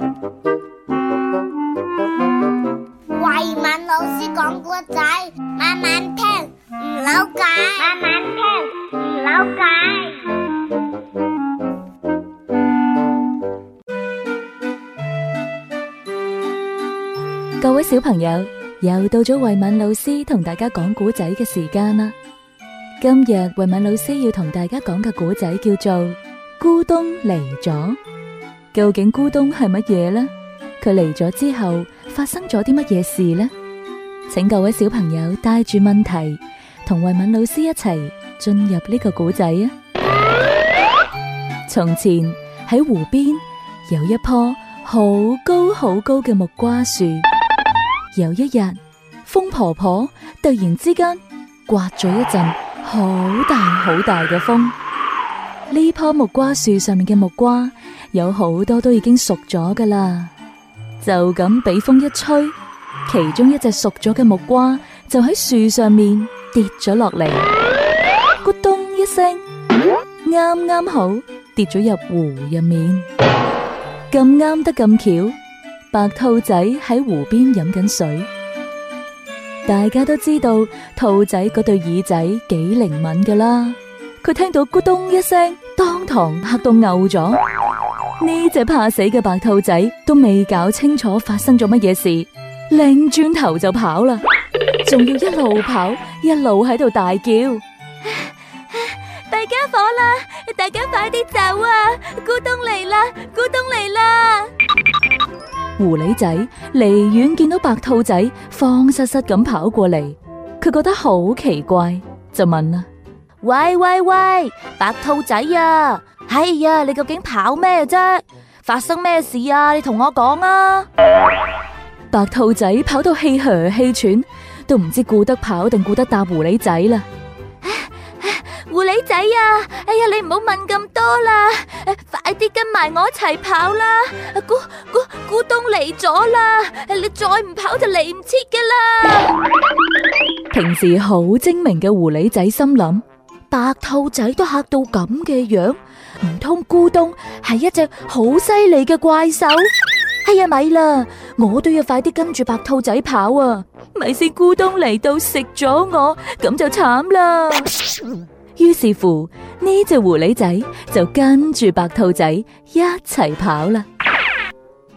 慧敏老師講古仔，慢慢聽，唔扭計；慢慢聽，唔扭計。各位小朋友，又到咗慧敏老師同大家講古仔嘅時間啦。今日慧敏老師要同大家講嘅古仔叫做《咕咚嚟咗》。究竟咕咚係乜嘢呢？佢嚟咗之後發生咗啲乜嘢事呢？請各位小朋友帶住問題，同慧敏老師一齊進入呢個故仔啊！從前喺湖邊有一棵好高好高嘅木瓜樹。有一日，風婆婆突然之間刮咗一陣好大好大嘅風，呢棵木瓜樹上面嘅木瓜，有好多都已經熟咗噶啦，就咁俾風一吹，其中一隻熟咗嘅木瓜就喺樹上面跌咗落嚟，咕咚一聲，啱啱好跌咗入湖入面。咁啱得咁巧，白兔仔喺湖邊飲緊水，大家都知道兔仔嗰對耳仔幾靈敏噶啦，佢聽到咕咚一聲，當堂嚇到嘔咗。呢隻怕死嘅白兔仔都未搞清楚發生咗乜嘢事，擰轉頭就跑啦，仲 要一路跑一路喺度大叫，大家伙啦，大家快啲走啊！咕咚嚟啦，咕咚嚟啦！狐狸仔離遠見到白兔仔慌失失咁跑過嚟，佢覺得好奇怪，就問啦：喂喂喂，白兔仔啊！哎呀，你究竟跑咩啫？發生咩事啊？你同我講啊！白兔仔跑到氣喘氣喘，都唔知顧得跑定顧得搭狐狸仔啦，哎！狐狸仔啊！哎呀，你唔好問咁多啦，啊！快啲跟埋我一齊跑啦！咕咕咕咚嚟咗啦！你再唔跑就嚟唔切噶啦！ 平時好精明嘅狐狸仔心諗。白兔仔都吓到咁嘅樣，唔通咕咚係一隻好犀利嘅怪獸？係啊，咪啦，我都要快啲跟住白兔仔跑啊！咪先咕咚嚟到食咗我，咁就慘啦。於是乎，呢隻狐狸仔就跟住白兔仔一齊跑啦。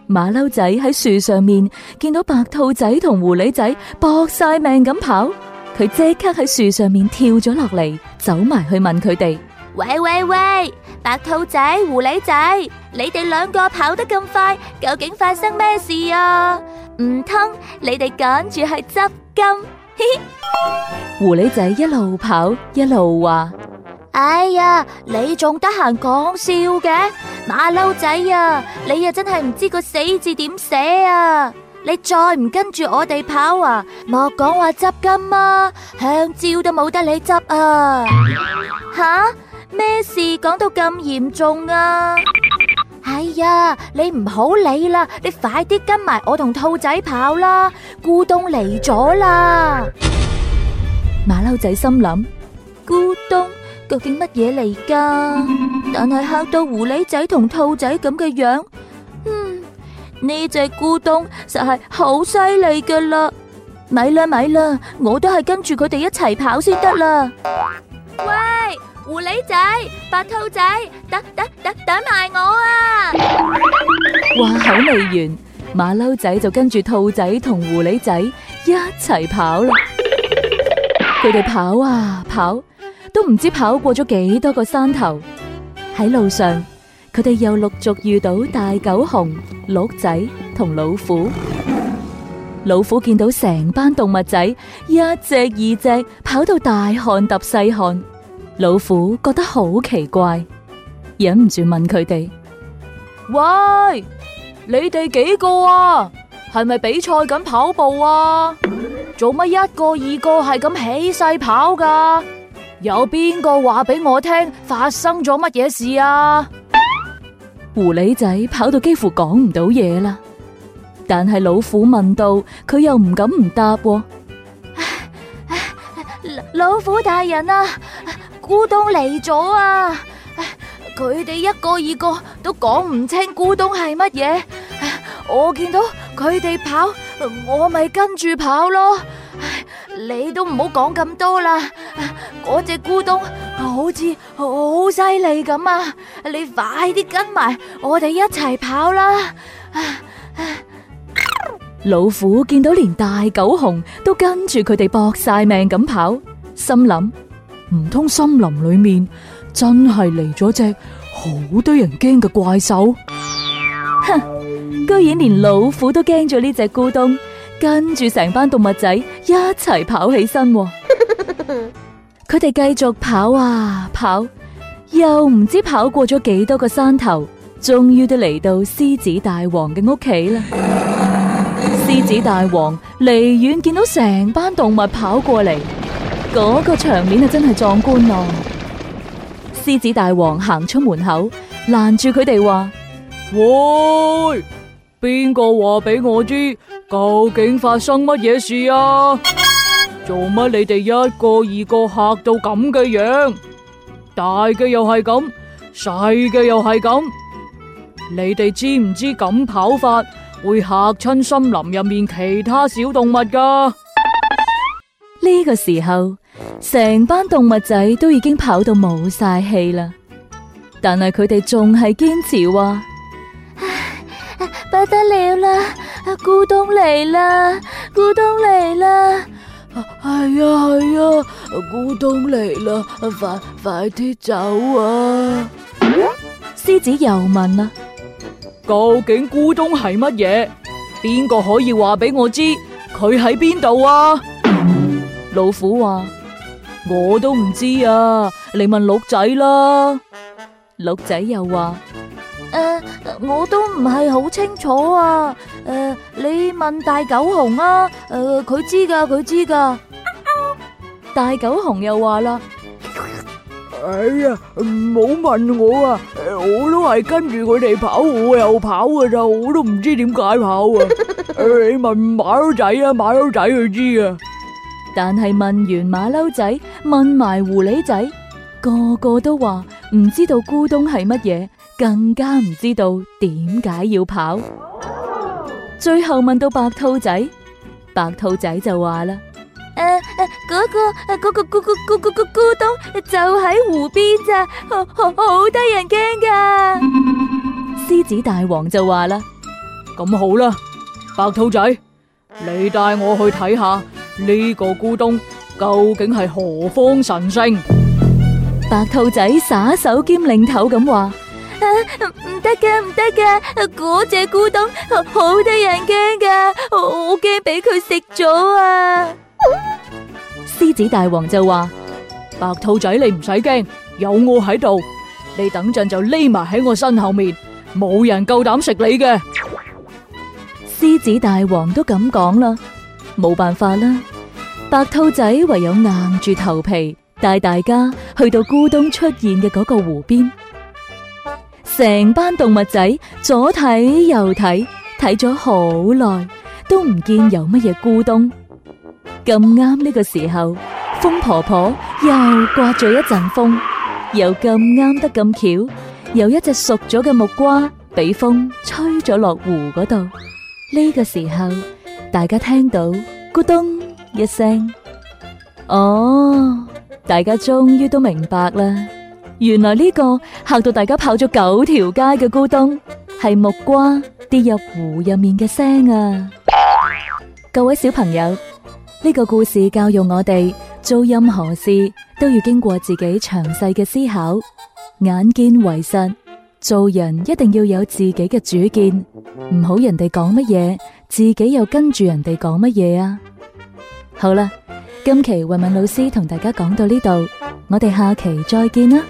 馬騮仔喺樹上面見到白兔仔同狐狸仔搏晒命咁跑。佢即刻喺樹上面跳咗落嚟，走埋去問佢哋：喂喂喂，白兔仔、狐狸仔，你哋兩個跑得咁快，究竟發生咩事啊？唔通你哋趕住去執金？ 狐狸仔一路跑一路話：哎呀，你仲得閒講笑嘅？馬騮仔啊，你啊真係唔知個死字點寫啊！你再唔跟住我哋跑啊！莫講話執金啊，香蕉都冇得你執啊！吓？咩事講到咁嚴重啊？哎呀，你唔好理啦，你快啲跟埋我同兔仔跑啦！咕咚嚟咗啦！馬騮 仔心諗：咕咚，究竟乜嘢嚟噶？ 但係嚇到狐狸仔同兔仔咁嘅樣。呢隻咕咚實係好犀利噶啦，咪啦咪啦，我都係跟住佢哋一齊跑先得啦！喂，狐狸仔，白兔仔，等等等，等埋我啊！話口未完，馬騮仔就跟住兔仔同狐狸仔一齊跑啦。佢哋 跑啊跑，都唔知跑過咗幾多個山頭。喺路上，佢哋又陸續遇到大狗熊、鹿仔同老虎。老虎見到成班動物仔一隻二隻跑到大汗揼細汗，老虎覺得好奇怪，忍唔住問佢哋：喂，你哋幾個啊？係咪比賽緊跑步啊？做乜一個二個係咁起勢跑噶？有邊個話俾我聽發生咗乜嘢事啊？狐狸仔跑到幾乎講唔到嘢啦，但係老虎問到佢又唔敢唔答喎、哦。老虎大人啊，咕咚嚟咗啊！佢哋一個二個都講唔清咕咚係乜嘢，我見到佢哋跑，我咪跟住跑咯。你都唔好講咁多啦，嗰隻咕咚。好似好犀利咁啊！你快啲跟埋我哋一齊跑啦！老虎見到連大狗熊都跟住佢哋搏晒命咁跑，心諗唔通森林裏面真係嚟咗隻好得人驚嘅怪獸。哼！居然連老虎都驚咗呢隻咕咚，跟住成班動物仔一齊跑起身。佢哋繼續跑啊跑，又唔知跑過咗幾多個山頭，終於都嚟到獅子大王嘅屋企啦。獅 子大王離遠見到成班動物跑過嚟，嗰個場面啊真係壯觀咯。獅子大王行出門口，攔住佢哋話：喂，邊個話俾我知，究竟發生乜嘢事啊？做乜你哋一個二個嚇到咁嘅樣？大嘅又係咁，細嘅又係咁。你哋知唔知咁跑法會嚇親森林入面其他小動物噶？呢個時候，成班動物仔都已經跑到冇晒氣啦，但係佢哋仲係堅持話：唉，不得了啦，咕咚嚟啦，咕咚嚟啦！係啊係啊，咕咚嚟啦，快快啲走啊！獅子又問啦：究竟咕咚係乜嘢？邊個可以話俾我知佢喺邊度啊？ 老虎話：我都唔知啊，你問鹿仔啦。鹿仔又話：誒、呃，我都唔係好清楚啊。誒，你問大狗熊啊，誒，佢知噶，佢知噶。大狗熊又話啦：哎呀，唔好問我啊，我都係跟住佢哋跑，我又跑噶咋，我都唔知點解跑啊。誒，你問馬騮仔啊，馬騮仔佢知啊。但係問完馬騮仔，問埋狐狸仔，個個都話唔知道咕咚係乜嘢，更加唔知道點解要跑。最後問到白兔仔，白兔仔就話啦：誒誒，嗰個嗰個咕咕咕咕咕咕咚就喺湖邊咋，好好得人驚噶。獅子大王就話啦：咁好啦，白兔仔，你帶我去睇下呢個咕咚究竟係何方神聖。白兔仔耍手兼擰頭咁話。唔得噶，唔得噶！嗰隻咕咚好得人驚噶，我驚俾佢食咗啊！獅子大王就話：白兔仔，你唔使驚，有我喺度，你等陣就匿埋喺我身後面，冇人夠膽食你嘅。獅子大王都咁講啦，冇辦法啦，白兔仔唯有硬住頭皮帶大家去到咕咚出現嘅嗰個湖邊。成班動物仔左睇右睇，睇咗好耐都唔見有乜嘢咕咚。咁啱呢個時候，風婆婆又刮咗一陣風，又咁啱得咁巧，有一隻熟咗嘅木瓜俾風吹咗落湖嗰度。呢個時候，大家聽到咕咚一聲，哦，大家終於都明白啦。原來呢個吓到大家跑咗九條街嘅咕咚，係木瓜跌入湖入面嘅聲啊！各位小朋友，呢個故事教育我哋做任何事都要經過自己詳細嘅思考，眼見為實，做人一定要有自己嘅主見，唔好人哋講乜嘢，自己又跟住人哋講乜嘢啊！好啦，今期慧敏老師同大家講到呢度，我哋下期再見啦！